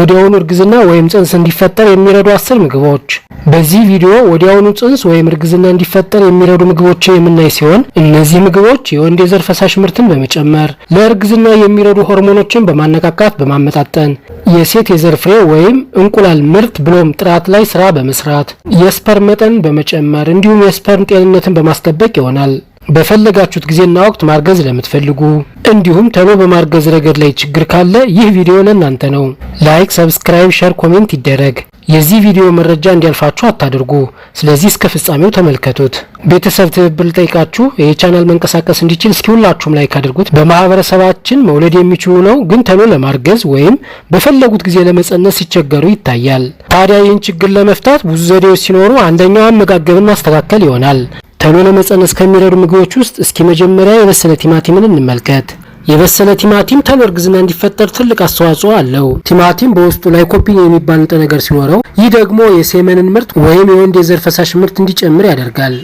ወዲያውኑ እርግዝና ወይም ጽንስ እንዲፈጠር የሚረዱ አስር ምግቦች። በዚህ ቪዲዮ ወዲያውኑ ጽንስ ወይም እርግዝና እንዲፈጠር የሚረዱ ምግቦች የምናይ ሲሆን እነዚህ ምግቦች የወንድ የዘር ፈሳሽ ምርትን በመጨመር ለእርግዝና የሚረዱ ሆርሞኖችን በማነቃቃት በማመጣጠን የሴት የዘር ፍሬ ወይም እንቁላል ምርት ብሎም ጥራት ላይ ስራ በመስራት የስፐርም መጠን በመጨመር እንዲሁም የስፐርም ጤንነትን በማስጠበቅ ይሆናል። በፈለጋችሁት ጊዜና ወቅት ማርገዝ ለምትፈልጉ እንዲሁም ተሎ በማርገዝ ረገድ ላይ ችግር ካለ ይህ ቪዲዮ ለእናንተ ነው። ላይክ፣ ሰብስክራይብ፣ ሸር፣ ኮሜንት ይደረግ። የዚህ ቪዲዮ መረጃ እንዲያልፋችሁ አታድርጉ። ስለዚህ እስከ ፍጻሜው ተመልከቱት። ቤተሰብ ትብብር ልጠይቃችሁ። ይህ ቻናል መንቀሳቀስ እንዲችል እስኪ ሁላችሁም ላይክ አድርጉት። በማህበረሰባችን መውለድ የሚችሉ ነው፣ ግን ተሎ ለማርገዝ ወይም በፈለጉት ጊዜ ለመጸነስ ሲቸገሩ ይታያል። ታዲያ ይህን ችግር ለመፍታት ብዙ ዘዴዎች ሲኖሩ አንደኛው አመጋገብን ማስተካከል ይሆናል። ቶሎ ለመፀነስ ከሚረዱ ምግቦች ውስጥ እስኪ መጀመሪያ የበሰለ ቲማቲምን እንመልከት። የበሰለ ቲማቲም ቶሎ እርግዝና እንዲፈጠር ትልቅ አስተዋጽኦ አለው። ቲማቲም በውስጡ ላይኮፒን የሚባል ንጥረ ነገር ሲኖረው ይህ ደግሞ የሴመንን ምርት ወይም የወንድ የዘር ፈሳሽ ምርት እንዲጨምር ያደርጋል።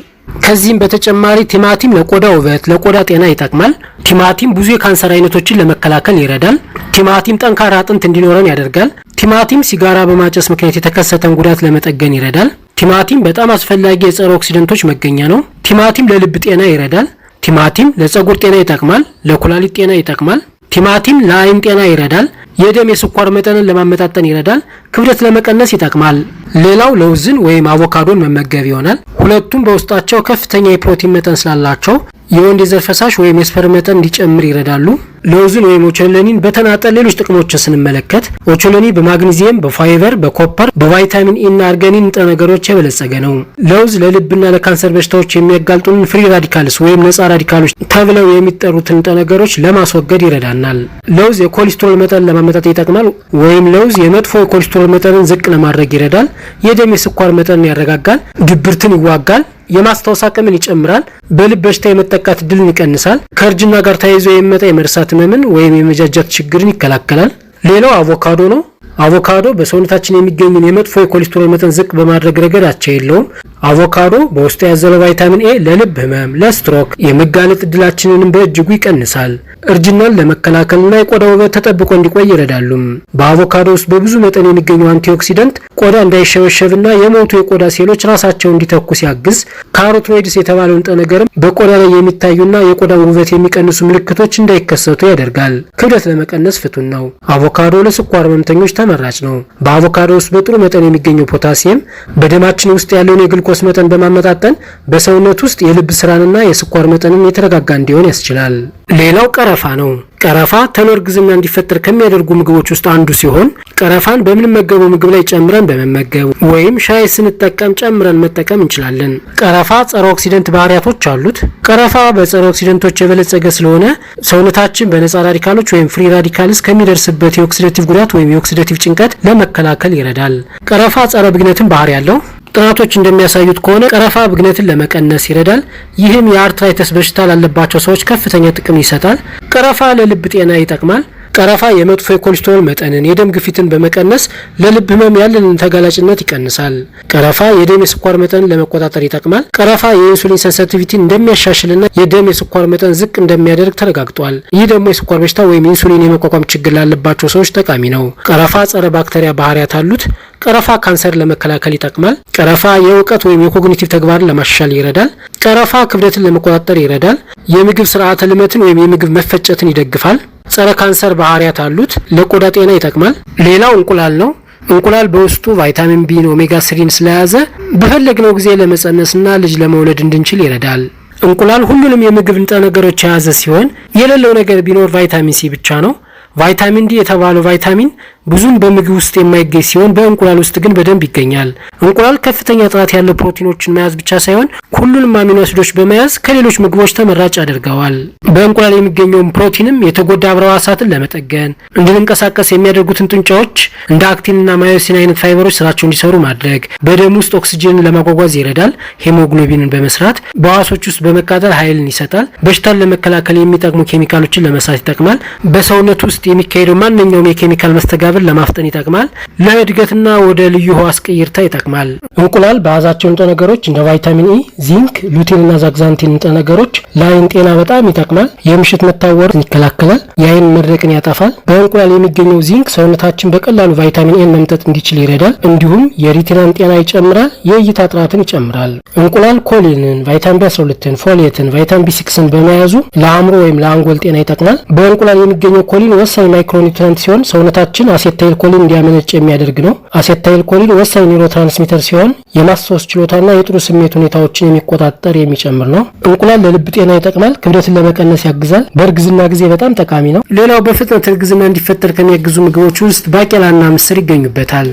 ከዚህም በተጨማሪ ቲማቲም ለቆዳ ውበት፣ ለቆዳ ጤና ይጠቅማል። ቲማቲም ብዙ የካንሰር አይነቶችን ለመከላከል ይረዳል። ቲማቲም ጠንካራ አጥንት እንዲኖረን ያደርጋል። ቲማቲም ሲጋራ በማጨስ ምክንያት የተከሰተን ጉዳት ለመጠገን ይረዳል። ቲማቲም በጣም አስፈላጊ የጸረ ኦክሲደንቶች መገኛ ነው። ቲማቲም ለልብ ጤና ይረዳል። ቲማቲም ለጸጉር ጤና ይጠቅማል። ለኩላሊት ጤና ይጠቅማል። ቲማቲም ለአይን ጤና ይረዳል። የደም የስኳር መጠንን ለማመጣጠን ይረዳል። ክብደት ለመቀነስ ይጠቅማል። ሌላው ለውዝን ወይም አቮካዶን መመገብ ይሆናል። ሁለቱም በውስጣቸው ከፍተኛ የፕሮቲን መጠን ስላላቸው የወንድ የዘር ፈሳሽ ወይም የስፐር መጠን እንዲጨምር ይረዳሉ። ለውዝን ወይም ኦቾሎኒን በተናጠል ሌሎች ጥቅሞችን ስንመለከት ኦቾሎኒ በማግኒዚየም፣ በፋይበር፣ በኮፐር፣ በቫይታሚን ኢና አርገኒን ንጥረ ነገሮች የበለጸገ ነው። ለውዝ ለልብና ለካንሰር በሽታዎች የሚያጋልጡን ፍሪ ራዲካልስ ወይም ነጻ ራዲካሎች ተብለው የሚጠሩትን ንጥረ ነገሮች ለማስወገድ ይረዳናል። ለውዝ የኮሌስትሮል መጠን ለማመጣት ይጠቅማል። ወይም ለውዝ የመጥፎ የኮሌስትሮል የስኳር መጠንን ዝቅ ለማድረግ ይረዳል። የደም የስኳር መጠንን ያረጋጋል። ድብርትን ይዋጋል። የማስታወስ አቅምን ይጨምራል። በልብ በሽታ የመጠቃት እድልን ይቀንሳል። ከእርጅና ጋር ተያይዞ የሚመጣ የመርሳት ህመምን ወይም የመጃጃት ችግርን ይከላከላል። ሌላው አቮካዶ ነው። አቮካዶ በሰውነታችን የሚገኝን የመጥፎ የኮሌስትሮል መጠን ዝቅ በማድረግ ረገድ አቻ የለውም። አቮካዶ በውስጡ ያዘለው ቫይታሚን ኤ ለልብ ህመም፣ ለስትሮክ የመጋለጥ እድላችንንም በእጅጉ ይቀንሳል። እርጅናን ለመከላከልና የቆዳ ውበት ተጠብቆ እንዲቆይ ይረዳሉም። በአቮካዶ ውስጥ በብዙ መጠን የሚገኘው አንቲኦክሲደንት ቆዳ እንዳይሸበሸብና የሞቱ የቆዳ ሴሎች ራሳቸውን እንዲተኩ ሲያግዝ፣ ካሮትኖይድስ የተባለው ንጥረ ነገርም በቆዳ ላይ የሚታዩና የቆዳ ውበት የሚቀንሱ ምልክቶች እንዳይከሰቱ ያደርጋል። ክብደት ለመቀነስ ፍቱን ነው። አቮካዶ ለስኳር ህመምተኞች ተመራጭ ነው። በአቮካዶ ውስጥ በጥሩ መጠን የሚገኘው ፖታሲየም በደማችን ውስጥ ያለውን የግል የግሉኮስ መጠን በማመጣጠን በሰውነት ውስጥ የልብ ስራንና የስኳር መጠንን የተረጋጋ እንዲሆን ያስችላል። ሌላው ቀረፋ ነው። ቀረፋ ቶሎ እርግዝና እንዲፈጠር ከሚያደርጉ ምግቦች ውስጥ አንዱ ሲሆን ቀረፋን በምንመገበው ምግብ ላይ ጨምረን በመመገብ ወይም ሻይ ስንጠቀም ጨምረን መጠቀም እንችላለን። ቀረፋ ጸረ ኦክሲደንት ባህሪያቶች አሉት። ቀረፋ በጸረ ኦክሲደንቶች የበለጸገ ስለሆነ ሰውነታችን በነጻ ራዲካሎች ወይም ፍሪ ራዲካልስ ከሚደርስበት የኦክሲደቲቭ ጉዳት ወይም የኦክሲደቲቭ ጭንቀት ለመከላከል ይረዳል። ቀረፋ ጸረ ብግነትን ባህሪ ያለው ጥናቶች እንደሚያሳዩት ከሆነ ቀረፋ ብግነትን ለመቀነስ ይረዳል። ይህም የአርትራይተስ በሽታ ላለባቸው ሰዎች ከፍተኛ ጥቅም ይሰጣል። ቀረፋ ለልብ ጤና ይጠቅማል። ቀረፋ የመጥፎ የኮሌስትሮል መጠንን፣ የደም ግፊትን በመቀነስ ለልብ ህመም ያለንን ተጋላጭነት ይቀንሳል። ቀረፋ የደም የስኳር መጠንን ለመቆጣጠር ይጠቅማል። ቀረፋ የኢንሱሊን ሴንሲቲቪቲን እንደሚያሻሽልና የደም የስኳር መጠን ዝቅ እንደሚያደርግ ተረጋግጧል። ይህ ደግሞ የስኳር በሽታ ወይም ኢንሱሊን የመቋቋም ችግር ላለባቸው ሰዎች ጠቃሚ ነው። ቀረፋ ጸረ ባክተሪያ ባህሪያት አሉት። ቀረፋ ካንሰር ለመከላከል ይጠቅማል። ቀረፋ የእውቀት ወይም የኮግኒቲቭ ተግባርን ለማሻሻል ይረዳል። ቀረፋ ክብደትን ለመቆጣጠር ይረዳል። የምግብ ስርዓተ ልመትን ወይም የምግብ መፈጨትን ይደግፋል። ጸረ ካንሰር ባህሪያት አሉት። ለቆዳ ጤና ይጠቅማል። ሌላው እንቁላል ነው። እንቁላል በውስጡ ቫይታሚን ቢን፣ ኦሜጋ ስሪን ስለያዘ በፈለግነው ጊዜ ለመጸነስና ልጅ ለመውለድ እንድንችል ይረዳል። እንቁላል ሁሉንም የምግብ ንጥረ ነገሮች የያዘ ሲሆን የሌለው ነገር ቢኖር ቫይታሚን ሲ ብቻ ነው። ቫይታሚን ዲ የተባለው ቫይታሚን ብዙም በምግብ ውስጥ የማይገኝ ሲሆን በእንቁላል ውስጥ ግን በደንብ ይገኛል። እንቁላል ከፍተኛ ጥራት ያለው ፕሮቲኖችን መያዝ ብቻ ሳይሆን ሁሉንም አሚኖ አሲዶች በመያዝ ከሌሎች ምግቦች ተመራጭ አድርገዋል። በእንቁላል የሚገኘውን ፕሮቲንም የተጎዳ አብረ ሕዋሳትን ለመጠገን እንድንንቀሳቀስ የሚያደርጉትን ጡንቻዎች እንደ አክቲንና ማዮሲን አይነት ፋይበሮች ስራቸው እንዲሰሩ ማድረግ፣ በደም ውስጥ ኦክስጅንን ለማጓጓዝ ይረዳል። ሄሞግሎቢንን በመስራት በሕዋሶች ውስጥ በመቃጠል ኃይልን ይሰጣል። በሽታን ለመከላከል የሚጠቅሙ ኬሚካሎችን ለመስራት ይጠቅማል። በሰውነት ውስጥ የሚካሄደው ማንኛውም የኬሚካል መስተጋብር ለማፍጠን ይጠቅማል። ለእድገትና ወደ ልዩ ህዋስ ቅይርታ ይጠቅማል። እንቁላል በያዛቸው ንጥረ ነገሮች እንደ ቫይታሚን ኢ፣ e፣ ዚንክ፣ ሉቲንና ዛግዛንቲን ንጥረ ነገሮች ለአይን ጤና በጣም ይጠቅማል። የምሽት መታወር ይከላከላል። የአይን መድረቅን ያጠፋል። በእንቁላል የሚገኘው ዚንክ ሰውነታችን በቀላሉ ቫይታሚን ኤን e መምጠጥ እንዲችል ይረዳል። እንዲሁም የሪቲናን ጤና ይጨምራል። የእይታ ጥራትን ይጨምራል። እንቁላል ኮሊንን፣ ቫይታሚን ቢ12ን፣ ፎሌትን፣ ቫይታሚን ቢ6ን በመያዙ ለአእምሮ ወይም ለአንጎል ጤና ይጠቅማል። በእንቁላል የሚገኘው ኮሊን ወሳኝ ማይክሮኒውትረንት ሲሆን ሰውነታችን አሴታይል ኮሊን እንዲያመነጭ የሚያደርግ ነው። አሴታይል ኮሊን ወሳኝ ትራንስሚተር ሲሆን የማስታወስ ችሎታና የጥሩ ስሜት ሁኔታዎችን የሚቆጣጠር የሚጨምር ነው። እንቁላል ለልብ ጤና ይጠቅማል። ክብደትን ለመቀነስ ያግዛል። በእርግዝና ጊዜ በጣም ጠቃሚ ነው። ሌላው በፍጥነት እርግዝና እንዲፈጠር ከሚያግዙ ምግቦች ውስጥ ባቄላና ምስር ይገኙበታል።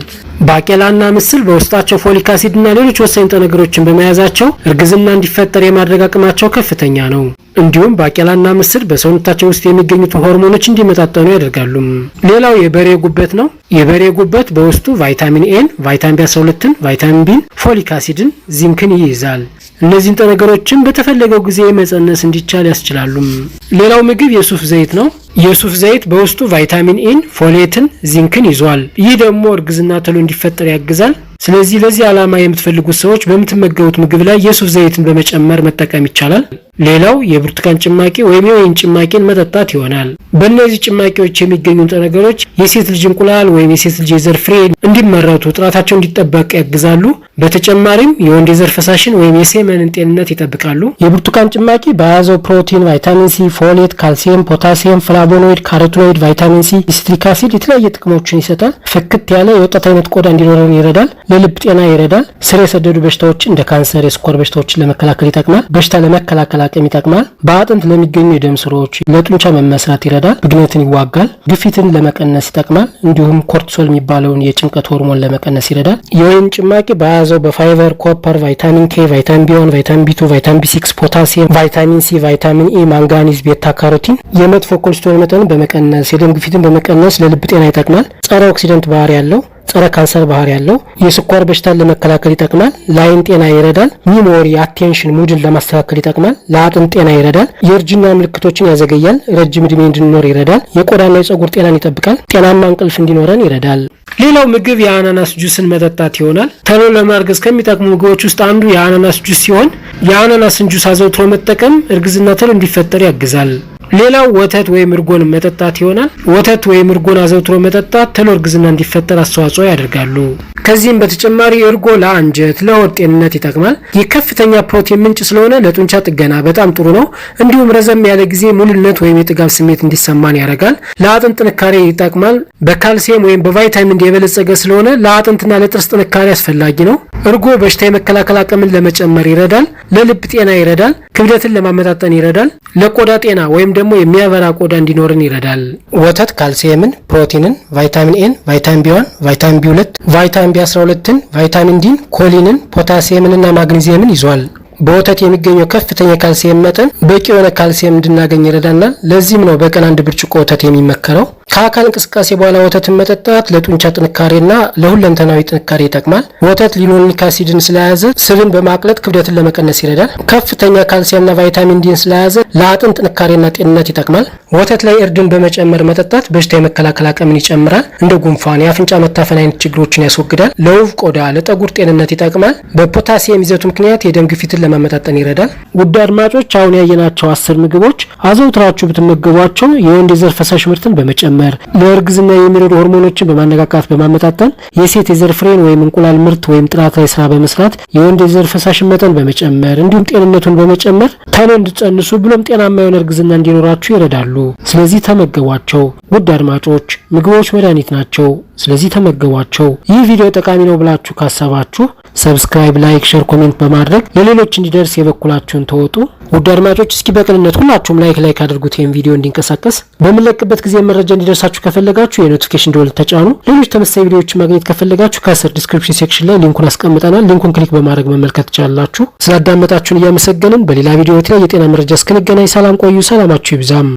ባቄላና ምስል በውስጣቸው ፎሊክ አሲድና ሌሎች ወሳኝ ንጥረ ነገሮችን በመያዛቸው እርግዝና እንዲፈጠር የማድረግ አቅማቸው ከፍተኛ ነው። እንዲሁም ባቄላና ምስል በሰውነታቸው ውስጥ የሚገኙትን ሆርሞኖች እንዲመጣጠኑ ያደርጋሉ። ሌላው የበሬ ጉበት ነው። የበሬ ጉበት በውስጡ ቫይታሚን ኤን፣ ቫይታሚን ቢ 12 ቫይታሚን ቢን፣ ፎሊክ አሲድን፣ ዚንክን ይይዛል። እነዚህን ንጥረ ነገሮችን በተፈለገው ጊዜ መጸነስ እንዲቻል ያስችላሉም። ሌላው ምግብ የሱፍ ዘይት ነው። የሱፍ ዘይት በውስጡ ቫይታሚን ኢን፣ ፎሌትን፣ ዚንክን ይዟል። ይህ ደግሞ እርግዝና ቶሎ እንዲፈጠር ያግዛል። ስለዚህ ለዚህ ዓላማ የምትፈልጉት ሰዎች በምትመገቡት ምግብ ላይ የሱፍ ዘይትን በመጨመር መጠቀም ይቻላል። ሌላው የብርቱካን ጭማቂ ወይም የወይን ጭማቂን መጠጣት ይሆናል። በእነዚህ ጭማቂዎች የሚገኙ ንጥረ ነገሮች የሴት ልጅ እንቁላል ወይም የሴት ልጅ የዘር ፍሬ እንዲመረቱ ጥራታቸው እንዲጠበቅ ያግዛሉ። በተጨማሪም የወንድ የዘር ፈሳሽን ወይም የሴመንን ጤንነት ይጠብቃሉ። የብርቱካን ጭማቂ በያዘው ፕሮቲን፣ ቫይታሚን ሲ፣ ፎሌት፣ ካልሲየም፣ ፖታሲየም፣ ፍላቮኖይድ፣ ካሮቲኖይድ፣ ቫይታሚን ሲ፣ ስትሪክ አሲድ የተለያየ ጥቅሞችን ይሰጣል። ፍክት ያለ የወጣት አይነት ቆዳ እንዲኖረን ይረዳል። ለልብ ጤና ይረዳል። ስር የሰደዱ በሽታዎችን እንደ ካንሰር፣ የስኳር በሽታዎችን ለመከላከል ይጠቅማል። በሽታ ለመከላከል አቅም ይጠቅማል። በአጥንት ለሚገኙ የደም ስሮች፣ ለጡንቻ መመስራት ይረዳል። ብግነትን ይዋጋል። ግፊትን ለመቀነስ ይጠቅማል። እንዲሁም ኮርቲሶል የሚባለውን የጭንቀት ሆርሞን ለመቀነስ ይረዳል። የወይን ጭማቂ በያዘው በፋይቨር፣ ኮፐር፣ ቫይታሚን ኬ፣ ቫይታሚን ቢዋን፣ ቫይታሚን ቢቱ፣ ቫይታሚን ቢሲክስ፣ ፖታሲየም፣ ቫይታሚን ሲ፣ ቫይታሚን ኤ፣ ማንጋኒዝ፣ ቤታ ካሮቲን የመጥፎ ኮሌስትሮል መጠንን በመቀነስ የደም ግፊትን በመቀነስ ለልብ ጤና ይጠቅማል። ጸረ ኦክሲደንት ባህሪ ያለው ጸረ ካንሰር ባህሪ ያለው፣ የስኳር በሽታን ለመከላከል ይጠቅማል፣ ለአይን ጤና ይረዳል፣ ሚሞሪ አቴንሽን ሙድን ለማስተካከል ይጠቅማል፣ ለአጥንት ጤና ይረዳል፣ የእርጅና ምልክቶችን ያዘገያል፣ ረጅም እድሜ እንድንኖር ይረዳል፣ የቆዳና የጸጉር ጤናን ይጠብቃል፣ ጤናማ እንቅልፍ እንዲኖረን ይረዳል። ሌላው ምግብ የአናናስ ጁስን መጠጣት ይሆናል። ተሎ ለማርገዝ ከሚጠቅሙ ምግቦች ውስጥ አንዱ የአናናስ ጁስ ሲሆን የአናናስን ጁስ አዘውትሮ መጠቀም እርግዝና ተሎ እንዲፈጠር ያግዛል። ሌላው ወተት ወይም እርጎን መጠጣት ይሆናል። ወተት ወይም እርጎን አዘውትሮ መጠጣት ቶሎ እርግዝና እንዲፈጠር አስተዋጽኦ ያደርጋሉ። ከዚህም በተጨማሪ እርጎ ለአንጀት፣ ለሆድ ጤንነት ይጠቅማል። የከፍተኛ ፕሮቲን ምንጭ ስለሆነ ለጡንቻ ጥገና በጣም ጥሩ ነው። እንዲሁም ረዘም ያለ ጊዜ ሙሉነት ወይም የጥጋብ ስሜት እንዲሰማን ያደርጋል። ለአጥንት ጥንካሬ ይጠቅማል። በካልሲየም ወይም በቫይታሚን የበለጸገ ስለሆነ ለአጥንትና ለጥርስ ጥንካሬ አስፈላጊ ነው። እርጎ በሽታ የመከላከል አቅምን ለመጨመር ይረዳል። ለልብ ጤና ይረዳል። ክብደትን ለማመጣጠን ይረዳል። ለቆዳ ጤና ወይም ደግሞ የሚያበራ ቆዳ እንዲኖርን ይረዳል። ወተት ካልሲየምን፣ ፕሮቲንን፣ ቫይታሚን ኤን፣ ቫይታሚን ቢዋን፣ ቫይታሚን ቢ ሁለት፣ ቫይታሚን ቢ አስራ ሁለትን፣ ቫይታሚን ዲን፣ ኮሊንን፣ ፖታሲየምንና ማግኒዚየምን ይዟል። በወተት የሚገኘው ከፍተኛ ካልሲየም መጠን በቂ የሆነ ካልሲየም እንድናገኝ ይረዳናል። ለዚህም ነው በቀን አንድ ብርጭቆ ወተት የሚመከረው። ከአካል እንቅስቃሴ በኋላ ወተትን መጠጣት ለጡንቻ ጥንካሬና ለሁለንተናዊ ጥንካሬ ይጠቅማል። ወተት ሊኖሊክ አሲድን ስለያዘ ስብን በማቅለጥ ክብደትን ለመቀነስ ይረዳል። ከፍተኛ ካልሲያምና ቫይታሚን ዲን ስለያዘ ለአጥንት ጥንካሬና ጤንነት ይጠቅማል። ወተት ላይ እርድን በመጨመር መጠጣት በሽታ የመከላከል አቅምን ይጨምራል። እንደ ጉንፋን፣ የአፍንጫ መታፈን አይነት ችግሮችን ያስወግዳል። ለውብ ቆዳ፣ ለጠጉር ጤንነት ይጠቅማል። በፖታሲየም ይዘቱ ምክንያት የደም ግፊትን ለመመጣጠን ይረዳል። ውድ አድማጮች አሁን ያየናቸው አስር ምግቦች አዘውትራችሁ ብትመገቧቸው የወንድ የዘር ፈሳሽ ምርትን በመጨመር በመጨመር ለእርግዝና የሚረዱ ሆርሞኖችን በማነቃቃት በማመጣጠን የሴት የዘር ፍሬን ወይም እንቁላል ምርት ወይም ጥናት ላይ ስራ በመስራት የወንድ የዘር ፈሳሽን መጠን በመጨመር እንዲሁም ጤንነቱን በመጨመር ተሎ እንድትጸንሱ ብሎም ጤናማ የሆነ እርግዝና እንዲኖራችሁ ይረዳሉ። ስለዚህ ተመገቧቸው። ውድ አድማጮች ምግቦች መድኃኒት ናቸው። ስለዚህ ተመገቧቸው። ይህ ቪዲዮ ጠቃሚ ነው ብላችሁ ካሰባችሁ ሰብስክራይብ፣ ላይክ፣ ሼር፣ ኮሜንት በማድረግ ለሌሎች እንዲደርስ የበኩላችሁን ተወጡ። ውድ አድማጮች እስኪ በቅንነት ሁላችሁም ላይክ ላይክ አድርጉት ይህን ቪዲዮ እንዲንቀሳቀስ። በምንለቅበት ጊዜ መረጃ እንዲደርሳችሁ ከፈለጋችሁ የኖቲፊኬሽን ደወል ተጫኑ። ሌሎች ተመሳሳይ ቪዲዮዎችን ማግኘት ከፈለጋችሁ ከስር ዲስክሪፕሽን ሴክሽን ላይ ሊንኩን አስቀምጠናል። ሊንኩን ክሊክ በማድረግ መመልከት ትችላላችሁ። ስላዳመጣችሁን እያመሰገንን በሌላ ቪዲዮ ላይ የጤና መረጃ እስክንገናኝ ሰላም ቆዩ። ሰላማችሁ ይብዛም።